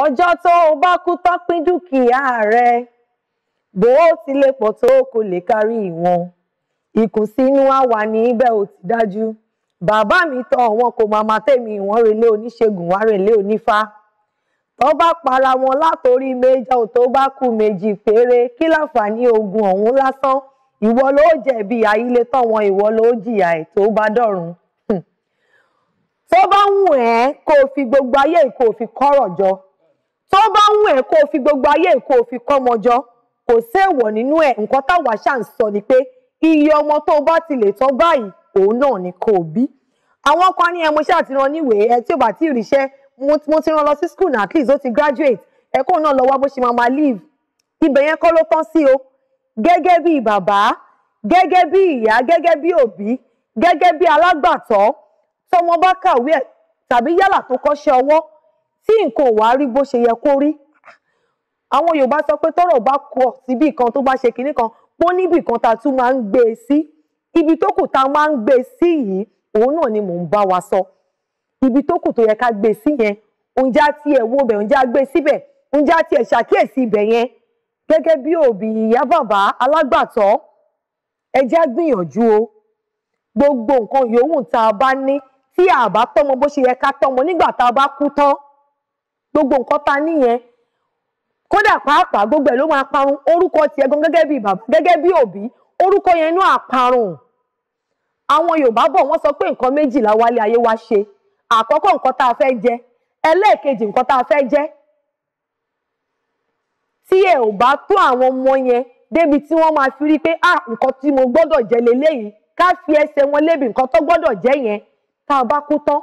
ọjọ́ tó o bá kú tán pín dúkìá rẹ bó o ti lè pọ̀ tó kò lè kárí ìwọ̀n ìkùnsínú á wà níbẹ̀ ò ti dájú bàbá mi tọ wọn kò máa máa tèmi ìwọ̀n relé oníṣègùn wá relé onífá tó bá para wọn látòrí méjọ ò tó bá kú méjì péré kí láǹfààní ogun ọ̀hún lásán ìwọ ló jẹ̀bi àyílé tán wọn ìwọ ló jìyà ẹ̀ tó bá dọ̀run tó bá ń wù ẹ́ kó o fi gbogbo ayé kó o fi kọ́rọ̀ jọ tó bá ń wẹ̀ kó o fi gbogbo ayé kó o fi kọ́mọ jọ kò séèwọ̀ nínú ẹ̀ nǹkan táwa ṣà ń sọ ni pé iye ọmọ tó o bá ti lè tọ́ báyìí òun náà ni kò bí àwọn kan ní ẹ mo ṣáà ti rán níwèé ẹ tí ò bá tí ì mo ti rán lọ sí school náà at least ti graduate ẹ̀kọ́ náà lọ wá bó ṣe máa máa leave ibẹ̀ yẹn kọ́ ló tán sí o gẹ́gẹ́ bí bàbá gẹ́gẹ́ bí ìyá gẹ́gẹ́ bí òbí gẹ́gẹ́ bí alágbàtọ́ tọmọ bá kàwé tàbí yálà tó kọ́ṣẹ́ ọwọ́ tí nǹkan ò wá rí bó ṣe yẹ kó rí àwọn Yorùbá sọ pé tọ́rọ̀ bá kọ síbi kan tó bá ṣe kinní kan pó níbì kan tá a tún máa ń gbé e sí ibi tó kù tá a máa ń gbé e sí yìí òun náà ni mò ń bá wa sọ ibi tó kù tó yẹ ká gbé e sí yẹn oúnjẹ àti ẹ wo bẹ oúnjẹ àgbé e síbẹ̀ oúnjẹ àti ẹ ṣàkíyèsí ibẹ̀ yẹn gẹ́gẹ́ bí òbí ìyá bàbá alágbàtọ́ ẹ gbìyànjú o gbogbo nǹkan yòówù tá a bá ní tí a bá tọ́mọ bó ṣe yẹ ká tọ́mọ nígbà tá a bá kú tán gbogbo nǹkan ta níyẹn kódà pàápàá gbogbo ẹ̀ ló máa parun orúkọ tiẹ̀ gan gẹ́gẹ́ bí bàbá gẹ́gẹ́ bí òbí orúkọ yẹn náà àparun àwọn Yorùbá bọ̀ wọ́n sọ pé nǹkan méjìlá wálé ayé wá ṣe àkọ́kọ́ nǹkan tá a fẹ́ jẹ ẹlẹ́ẹ̀kejì nǹkan tá a fẹ́ jẹ tí ẹ ò bá tó àwọn ọmọ yẹn débi tí wọ́n máa fi rí pé a nǹkan tí mo gbọdọ jẹ leléyìí ká fi ẹsẹ̀ wọn lébi nǹkan tó gbọdọ jẹ yẹn tá a bá kú tán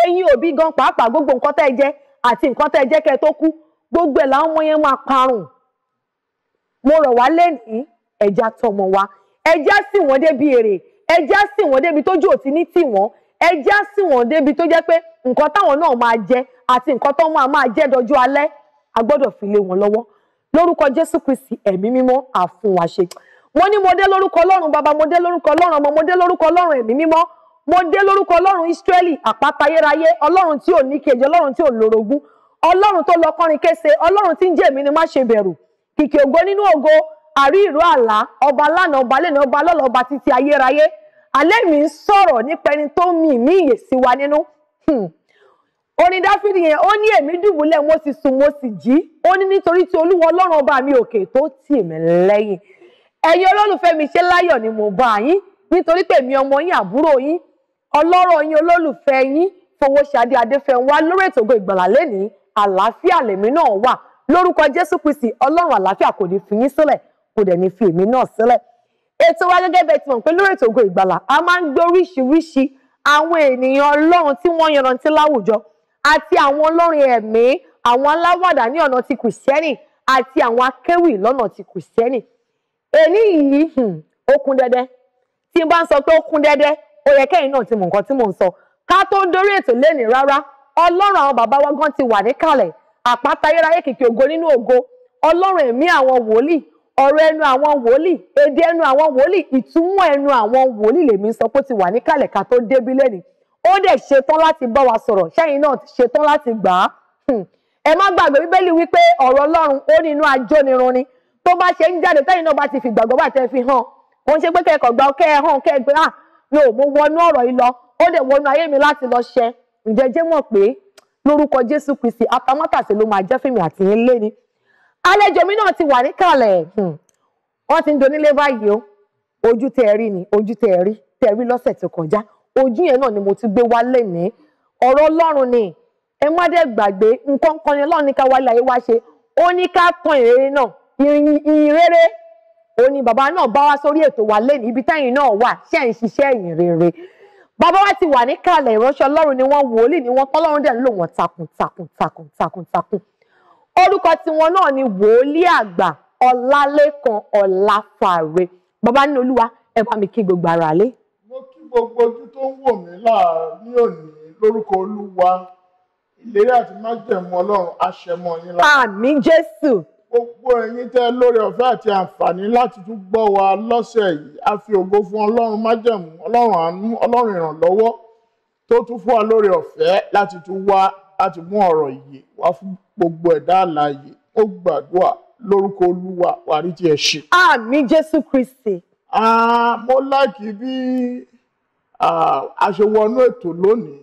eyín òbí gan pàápàá gbogbo nǹkan tá ẹ jẹ àti nǹkan tẹ́ ẹ jẹ́ kẹ́ ẹ tó kú gbogbo ẹ̀ làwọn ọmọ yẹn máa parun mo rọ̀ wá lẹ́nìí ẹja tọmọ wa ẹja sì wọ́n débi èrè ẹja sì wọ́n débi tójú òtí ní tì wọ́n ẹja sì wọ́n débi tó jẹ́ pé nǹkan táwọn náà máa jẹ àti nǹkan tó máa máa jẹ dọjú alẹ́ a gbọ́dọ̀ fi lé wọn lọ́wọ́ lórúkọ Jésù Kristi ẹ̀mí mímọ́ àfún wa ṣe mo ní mo dé lórúkọ Ọlọ́run bàbá mo dé lórúkọ Ọlọ́run ọmọ mo dé lórúkọ Ọlọ́run ẹ̀mí mímọ́ mo dé lórúkọ ọlọ́run Ísírẹ́lì àpáta ayérayé ọlọ́run tí ò ní kejì ọlọ́run tí ò lórogún ọlọ́run tó lọ kọrin kése ọlọ́run tí ń jẹ́ èmi ni má ṣe bẹ̀rù kìkì ògo nínú ògo àrí ìró àlá ọba lánàá ọba lẹ́nà ọba lọ́lọ́ ọba títí ayérayé alẹ́ mi ń sọ̀rọ̀ nípa ẹni tó mi ìmí ìyè sí wa nínú hmm. orin dáfídì yẹn ó ní èmi dùbúlẹ̀ mo sì sùn mo sì jí ó ní nítorí tí olúwa ọlọ́run ọba mi òkè tó tì mí lẹ́yìn ẹ̀yin olólùfẹ́ mi ṣe láyọ̀ ni mo bá yín nítorí pé èmi ọmọ yín àbúrò yín ọlọ́rọ̀ yín olólùfẹ́ yín Fowóṣadé Adéfẹ́nwá lórí ètò Ògo Ìgbàlà lẹ́nìí àlàáfíà lèmi náà wà lórúkọ Jésù Kristi ọlọ́run àlàáfíà kò ní fi yín sílẹ̀ kò dẹ̀ ní fi èmi náà sílẹ̀ ètò wa gẹ́gẹ́ bẹ́ẹ̀ ti mọ̀ pé lórí ètò Ògo Ìgbàlà a máa ń gbé oríṣiríṣi àwọn ènìyàn ọlọ́run tí wọ́n yanrantí láwùjọ àti àwọn ọlọ́rin ẹ̀mí àwọn aláwàdà ní ọ̀nà ti kìrìsìtẹ́nì àti àwọn akéwì lọ́nà ti kìrìsìtẹ́nì èní yìí hmm, ó dẹ́dẹ́ tí n bá ń sọ pé ó dẹ́dẹ́ ó yẹ kẹ́yìn náà ti mọ nǹkan tí mò ń sọ ká tó ń dórí ètò lénìí rárá ọlọ́run àwọn bàbá wa gan ti wà níkàlẹ̀ àpáta ayérayé kìkì ògo nínú ògo ọlọ́run ẹ̀mí àwọn wòlíì ọ̀rọ̀ ẹnu àwọn wòlíì èdè ẹnu àwọn wòlíì ìtumọ̀ ẹnu àwọn wòlíì lèmi sọ pé ó ti wà níkàlẹ̀ ká tó débí lẹ́nìí ó dẹ̀ ṣetán láti bá wa sọ̀rọ̀ sẹ́yìn náà ṣetán láti gbà á hmm. ẹ má gbàgbé bíbélì wípé ọ̀rọ̀ ọlọ́run ó ní inú ajónirun ni tó bá ṣe ń jáde sẹ́yìn náà bá ti fìgbàgbọ́ bá tẹ fi hàn kò ń ṣe pé kẹ́ẹ̀kọ́ gbà kẹ́ ẹ hàn kẹ́ẹ̀ gbé ah mi ò mọ wọnú ọ̀rọ̀ yìí lọ ó dẹ̀ wọnú ayé mi láti lọ ṣẹ ǹjẹ́ jẹ́ mọ̀ pé lórúkọ Jésù Kristi atamátàsé ló máa jẹ́ fèmí àti ni àlejò mi ti wà níkàlẹ̀ hmm. wọ́n ti ń donílé báyìí o ojú tẹ rí ni ojú tẹ rí tẹ rí lọ́sẹ̀ tó kọjá ojú ni mo ti gbé wá lénìí ọ̀rọ̀ Ọlọ́run ni ẹ má gbàgbé nǹkan kan ni Ọlọ́run ní ká ó ní bàbá náà bá wá sórí ètò wa lẹ́nu ibi tẹ́yìn náà wà ṣe ń ṣiṣẹ́ ìyìn rere bàbá wa ti wà ní kalẹ̀ ìránṣẹ́ ọlọ́run ni wọ́n wòlíì ni wọ́n tọ́lọ́run dẹ̀ ń lò wọ́n takuntakun takuntakun orúkọ tiwọn náà ni wòlíì àgbà ọlálékan ọláfàre bàbá ní olúwa ẹ bá mi kí gbogbo ara lé. mo kí gbogbo ojú tó ń wò mí láàárín òní lórúkọ olúwa ìlérí àti májẹ̀mú ọlọ́run àṣẹmọ yín lára. àmín jésù gbogbo ẹ̀yin tẹ́ lórí ọ̀fẹ́ àti àǹfààní láti tún gbọ́ wa lọ́sẹ̀ yìí a fi ògo fún ọlọ́run májẹ̀mú ọlọ́run àánú ọlọ́run ìrànlọ́wọ́ tó tún fún wa lórí ọ̀fẹ́ láti tún wá láti mú ọ̀rọ̀ yìí wá fún gbogbo ẹ̀dá àlàyé ó gbàdúrà lórúkọ olúwa wà rí tiẹ̀ ṣe. àmì jésù kristi. mo láàkì bí a ètò lónìí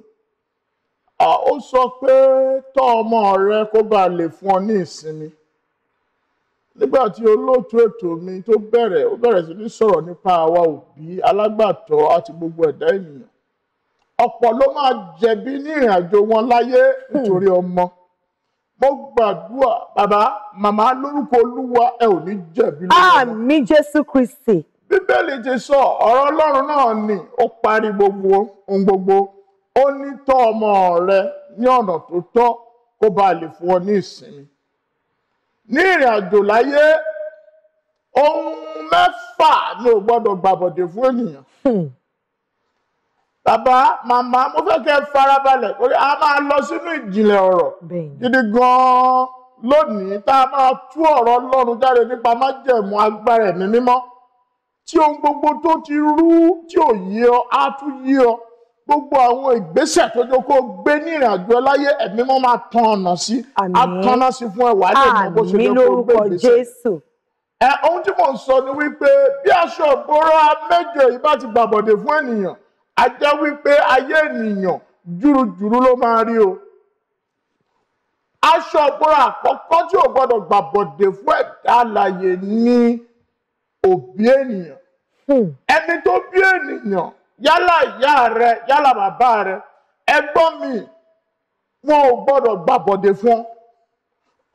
ó sọ pé tọ́ ọmọ rẹ kó bàa lè fún ọ ní ìsinmi nígbà tí olóòtú ètò mi tó bẹ̀rẹ̀ ó bẹ̀rẹ̀ sí ní sọ̀rọ̀ nípa àwa òbí alágbàtọ́ àti gbogbo ẹ̀dá ènìyàn ọ̀pọ̀ ló máa jẹ̀bi ní ìrìn àjò wọn láyé nítorí ọmọ mo gbàdúrà bàbá màmá lórúkọ olúwa ẹ ò ní jẹ̀bi lọ́wọ́. àmì jésù kristi. bíbélì ti sọ ọ̀rọ̀ ọlọ́run náà ni ó parí gbogbo ohun gbogbo ó ní tọ́ ọmọ rẹ ní ọ̀nà tó tọ́ kó bàa lè fún ọ ní ìsinmi ní ìrìn àjò láyé ohun mẹ́fà ni ò gbọ́dọ̀ gbàbọ̀dé fún ènìyàn. Hmm. bàbá màmá mo fẹ́ kẹ́ farabalẹ̀ torí a máa lọ sínú ìjìnlẹ̀ ọ̀rọ̀ gidi gan-an lónìí tá a máa tú ọ̀rọ̀ Ọlọ́run jáde nípa májẹ̀mú agbára ẹ̀mí mímọ́ tí ohun gbogbo tó ti rú tí ò yé ọ á tún yé ọ gbogbo àwọn ìgbésẹ̀ tó jọ kó gbé ní ìrìn àjò láyé ẹ̀mí mọ́ máa tan ọ̀nà sí àtọ́nà sí fún ẹ̀wà lè mọ bó ṣe jọ kó gbé ìgbésẹ̀. ẹ ohun tí mò ń sọ ni wípé bí aṣọ ìbora mẹ́jọ yìí bá ti gbàbọ̀dè fún ènìyàn a jẹ́ wípé ayé ènìyàn jùrùjùrù ló máa rí o. aṣọ ìbora àkọ́kọ́ tí ò gbọ́dọ̀ gbàbọ̀dè fún ẹ̀dá alàyè ni òbí ènìyàn hmm. ẹni tó bí ènìyàn yálà ìyá rẹ yálà bàbá rẹ ẹ̀gbọ́n mi wọn ò gbọ́dọ̀ gbàbọ̀dé fún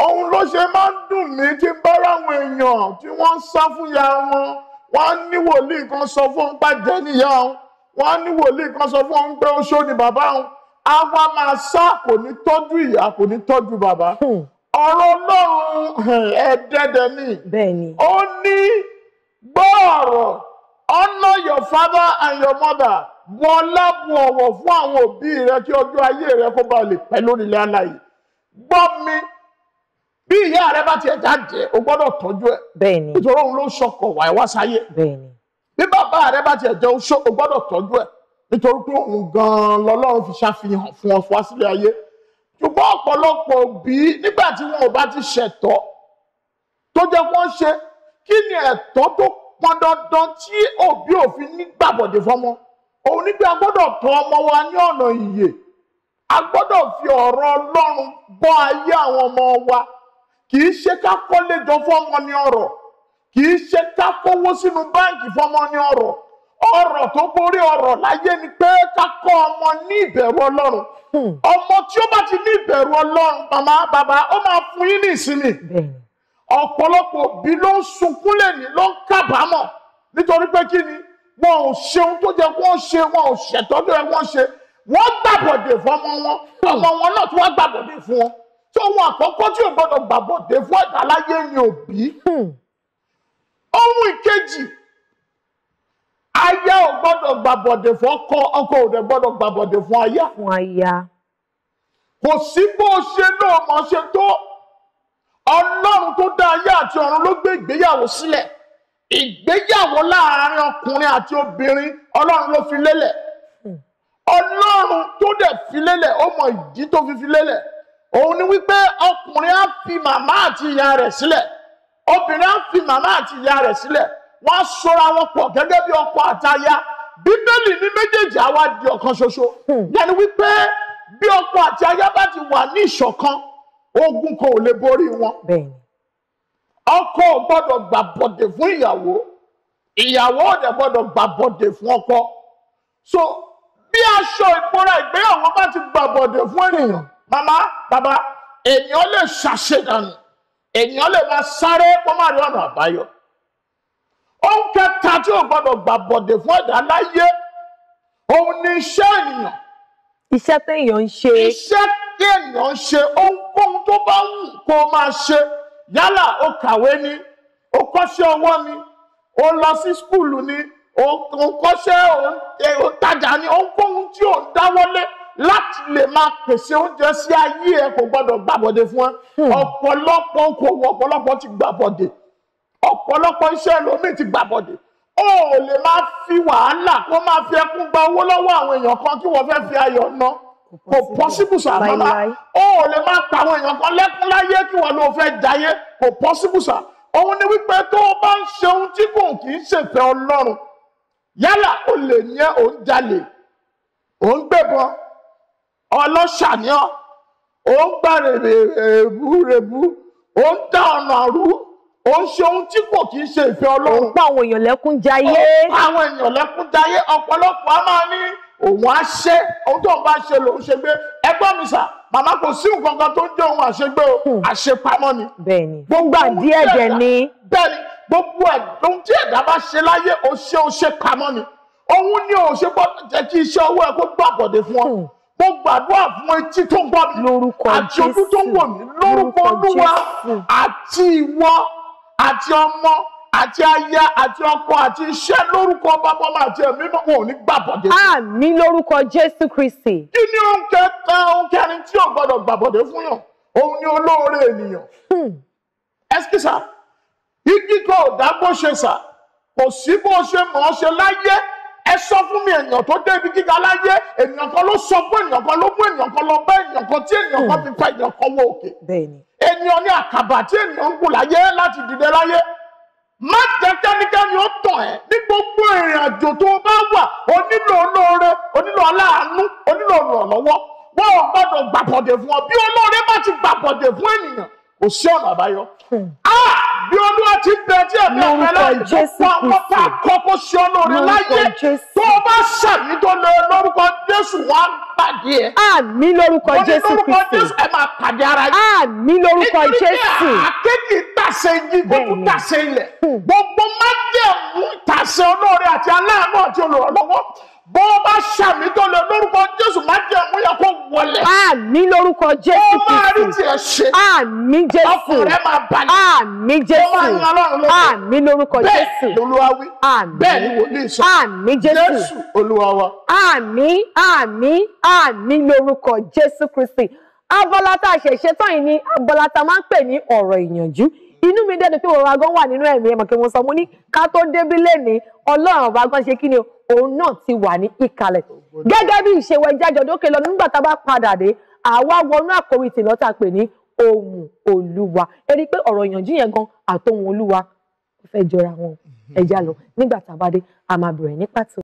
ohun ló ṣe máa ń dùn mí tí ń bá ráwọn èèyàn tí wọ́n ń sá fún ya wọn wọ́n á ní wòlíì kan sọ fún òun pé jẹ́ níyà òun wọ́n á ní wòlíì kan sọ fún òun pé oṣó ni bàbá òun á wá máa sá kò ní tọ́jú ìyá kò ní tọ́jú bàbá hmm. ọ̀rọ̀ Ọlọ́run hmm, ẹ̀ẹ́dẹ́dẹ́ ni ó ní gbọ́ ọ̀rọ̀ your father and your mother. Bọ́lá bu ọ̀wọ̀ fún àwọn òbí rẹ kí ọjọ́ ayé rẹ kó ba lè pẹ́ lórí ilẹ̀ aláyé. Gbọ́ mi, bí ìyá rẹ bá tiẹ̀ jáde, o gbọ́dọ̀ tọ́jú ẹ̀. Bẹ́ẹ̀ni. Nítorí òun ló ṣọkọ̀ wà wá sáyé. Bẹ́ẹ̀ni. Bí bàbá rẹ bá tiẹ̀ jẹun ṣó, o gbọ́dọ̀ tọ́jú ẹ̀. Nítorí pé òun gan-an lọ́lọ́run fi ṣàfihàn fún ọ fún wá ayé. Ṣùgbọ́n ọ̀pọ̀lọpọ̀ òbí nígbà tí wọn ò bá ti ṣẹ̀tọ́ tó jẹ́ wọ́n ṣe kí ni ẹ̀tọ́ tó pọn tí òbí òfin nígbàbọ̀dé fọmọ òun ní pé a tọ́ ọmọ wa ní ọ̀nà ìyè fi ọ̀rọ̀ ọlọ́run bọ́ ayé àwọn ọmọ wa kì í ṣe ká kọ́lé jọ fọmọ ní ọ̀rọ̀ kì í ṣe ká kówó sínú báǹkì fọmọ ní ọ̀rọ̀ ọ̀rọ̀ tó borí ọ̀rọ̀ láyé ni pé ká kọ́ ọmọ ní ìbẹ̀rù ọlọ́run hmm. ọmọ tí ó bá ti ní ìbẹ̀rù ọlọ́run màmá bàbá ó máa fún yín ní ọ̀pọ̀lọpọ̀ òbí ló ń sunkún lẹ́ni ló ń kábàámọ̀ nítorí pé kí ni wọn ò ṣeun tó jẹ kó ń ṣe wọn ò ṣètọ́jú ẹ wọ́n ṣe wọ́n gbàbọ̀dè fọmọ wọn ọmọ wọn náà tí wọ́n gbàbọ̀dè fún wọn tó wọn àkọ́kọ́ tí ò gbọ́dọ̀ gbàbọ̀dè fún ẹ̀dá láyé ni òbí. Hmm. ohun ìkejì aya ò gbọ́dọ̀ gbàbọ̀dè fún ọkọ ọkọ ò dẹ̀ gbọ́dọ̀ gbàbọ̀dè fún aya. fún aya. kò sí bó ṣe náà mọ̀ ṣe tó ọlọ́run tó dá ayé àti ọ̀run ló gbé ìgbéyàwó sílẹ̀ ìgbéyàwó láàárín ọkùnrin àti obìnrin ọlọ́run ló fi lélẹ̀ hmm. ọlọ́run tó dẹ̀ fi lélẹ̀ ó mọ ìdí tó fi fi lélẹ̀ òun ni wípé ọkùnrin á fi màmá àti ìyá rẹ̀ sílẹ̀ obìnrin á fi màmá àti ìyá rẹ̀ sílẹ̀ wọ́n á sora wọn pọ̀ gẹ́gẹ́ bí ọkọ àtaya bíbélì ní méjèèjì àwa di ọ̀kan ṣoṣo hmm. yẹn ni wípé bí ọkọ àti bá ti wà ní ìṣọ̀kan ogun kan ò lè borí wọn. ọkọ ò gbọ́dọ̀ gbà bọ̀dẹ̀ fún ìyàwó ìyàwó ò dẹ̀ gbọ́dọ̀ gbà bọ̀dẹ̀ fún ọkọ. so bí aṣọ ìpora ìgbéyàwó bá ti gbà bọ̀dẹ̀ fún ènìyàn màmá bàbá ènìyàn lè ṣàṣedànù ènìyàn lè máa sáré kó má rí ọ̀nà àbáyọ. ohun kẹta tí ò gbọ́dọ̀ gbà bọ̀dẹ̀ fún ẹ̀dá láyé òun ni iṣẹ́ ènìyàn. iṣẹ́ téèyàn ń ṣe. iṣẹ́ téèyàn ń ṣe ó tó bá wù kó máa ṣe yálà ó kàwé ni ó kọ́ṣẹ́ ọwọ́ ni ó lọ sí skúlù ni ó kọ́ṣẹ́ ó e, tajà ni ó ń kóhun tí ó ń dáwọ́lé láti lè máa pèsè oúnjẹ sí ayé ẹ kò gbọ́dọ̀ gbàbọ̀dé fún ẹ hmm. ọ̀pọ̀lọpọ̀ okòwò ọ̀pọ̀lọpọ̀ ti gbàbọ̀dé ọ̀pọ̀lọpọ̀ iṣẹ́ ẹlòmíì ti gbàbọ̀dé ó lè máa fi wàhálà kó máa fi ẹkún gba owó lọ́wọ́ àwọn èèyàn kan kí wọ́n fẹ́ fi ayọ̀ náà kò possible sà bàbá ó ò lè máa pa àwọn èèyàn kan lẹ́kún láyé kí wọ́n ló fẹ́ jayé kò possible sà òun ni wípé tó o bá ń ṣe ohun tí kò kì í ṣèfẹ́ ọlọ́run yálà o lè ní ẹ òun jalè òun gbébọn ọlọ́ṣàníọ́ òun gba rèbú rèbú òun dá ọ̀nà àrú òun ṣe ohun tí kò kì í ṣe ìfẹ́ ọlọ́run. òun pa àwọn èèyàn lẹ́kún jayé. òun pa àwọn èèyàn lẹ́kún jayé ọ̀pọ̀lọpọ̀ a máa ní òun á ṣe ohun tó ń bá ṣe lòun ṣe gbé ẹgbọ́n mi sà màmá kò sí nǹkan kan tó ń jẹ́ ohun àṣegbé o hmm. àṣepamọ́ ni. bẹ́ẹ̀ni gbogbo àdíẹ dẹ ni. bẹ́ẹ̀ni gbogbo ẹ ohun tí ẹ̀dá bá ṣe láyé o ṣe o ṣe pamọ́ ni òun ni o ṣe gbọ́dọ̀ jẹ́ kí iṣẹ́ ọwọ́ ẹ kó gbàbọ̀dé fún ọ hmm. mo gbàdúrà fún etí tó ń gbọ́ mi àti ojú tó ń wò mí lórúkọ olúwa àti ìwọ àti ọmọ àti aya àti ọkọ àti iṣẹ́ lórúkọ bàbá àti ẹ̀mí mọ́ wọn ò ní gbàbọ̀dé. àmín lórúkọ jésù kristi. kí ni òun kẹta òun kẹrin tí ò gbọdọ̀ gbàbọ̀dé fún yàn òun ni olóore ènìyàn. Hmm. ẹsikísà igi kan dá bó ṣe sà kò sí bó ṣe mọ̀ ọ́ ṣe láyé ẹ sọ fún mi èèyàn tó dé ibi gíga láyé èèyàn kan ló sọ fún èèyàn kan ló mú èèyàn kan lọ bá èèyàn kan tí èèyàn kan hmm. fi pa èèyàn kan wọ òkè èèyàn ní àkàbà tí èèyàn ń gùn láyé láti dìde láyé má jẹ́ kẹ́nikẹ́ni ó tọ̀ ẹ́ ní gbogbo ìrìn àjò tó bá wà o nílò olóore o nílò aláàánú o nílò olùrànlọ́wọ́ wọn ò gbọ́dọ̀ gbàbọ̀dẹ̀ fún ọ bí olóore bá ti gbàbọ̀dẹ̀ fún ènìyàn kò sí ọ̀nà àbáyọ. Hmm. bí olúwa ti bẹ tí ẹ̀mí ọ̀fẹ́ láti fún àwọn fún àkọ́kọ́ sí olóore láyé tó o bá ṣàmì tó lọ e lórúkọ jésù wà á pàdé ẹ. àmì lórúkọ jésù kìí sè. àmì lórúkọ jésù ẹ máa pàdé ara yìí. àmì lórúkọ jésù. nítorí pé àkékèké tàṣe igi gbogbo tàṣe ilẹ̀ hmm. gbogbo májẹ̀mú tàṣe olóore àti aláàánú àti olùrànlọ́wọ́ bó o bá ṣàmì tó lè lórúkọ jésù májẹ̀mú yẹ kó wọlé. àmì lórúkọ jésù kìí. ó máa rí tiẹ̀ ṣe. àmì jésù ọkàn rẹ máa balẹ̀. àmì jésù ó máa ń lọ́rùn lókè. àmì lórúkọ jésù. bẹ́ẹ̀ olúwa wí. àmì bẹ́ẹ̀ ni wòlíì sọ. àmì jésù jésù olúwa wa. àmì àmì àmì lórúkọ jésù kristi abala tá a ṣẹ̀ṣẹ̀ tán yìí ni abala tá máa ń pè ní ọ̀rọ̀ ìyànjú inú mi dẹ́nu pé òun agan wà nínú ẹ̀mí ẹ̀mọ̀ kí mo sọ mo ní ká tó débí lẹ́ni ọlọ́run ọba gan ṣe kí ni òun náà ti wà ní ìkàlẹ̀ gẹ́gẹ́ bí ìṣèwọ̀ ẹja jọ̀dọ́kẹ́ lọ nígbà tá a bá padà dé àwa wọnú àkòrí tìlọ́ tá a pè ní ohun olúwa ẹ rí i pé ọ̀rọ̀ ìyànjú yẹn gan àtohun olúwa fẹ́ jọra wọn ẹja lọ nígbà tá a bá dé a máa bẹ̀rẹ̀ ní pàtó.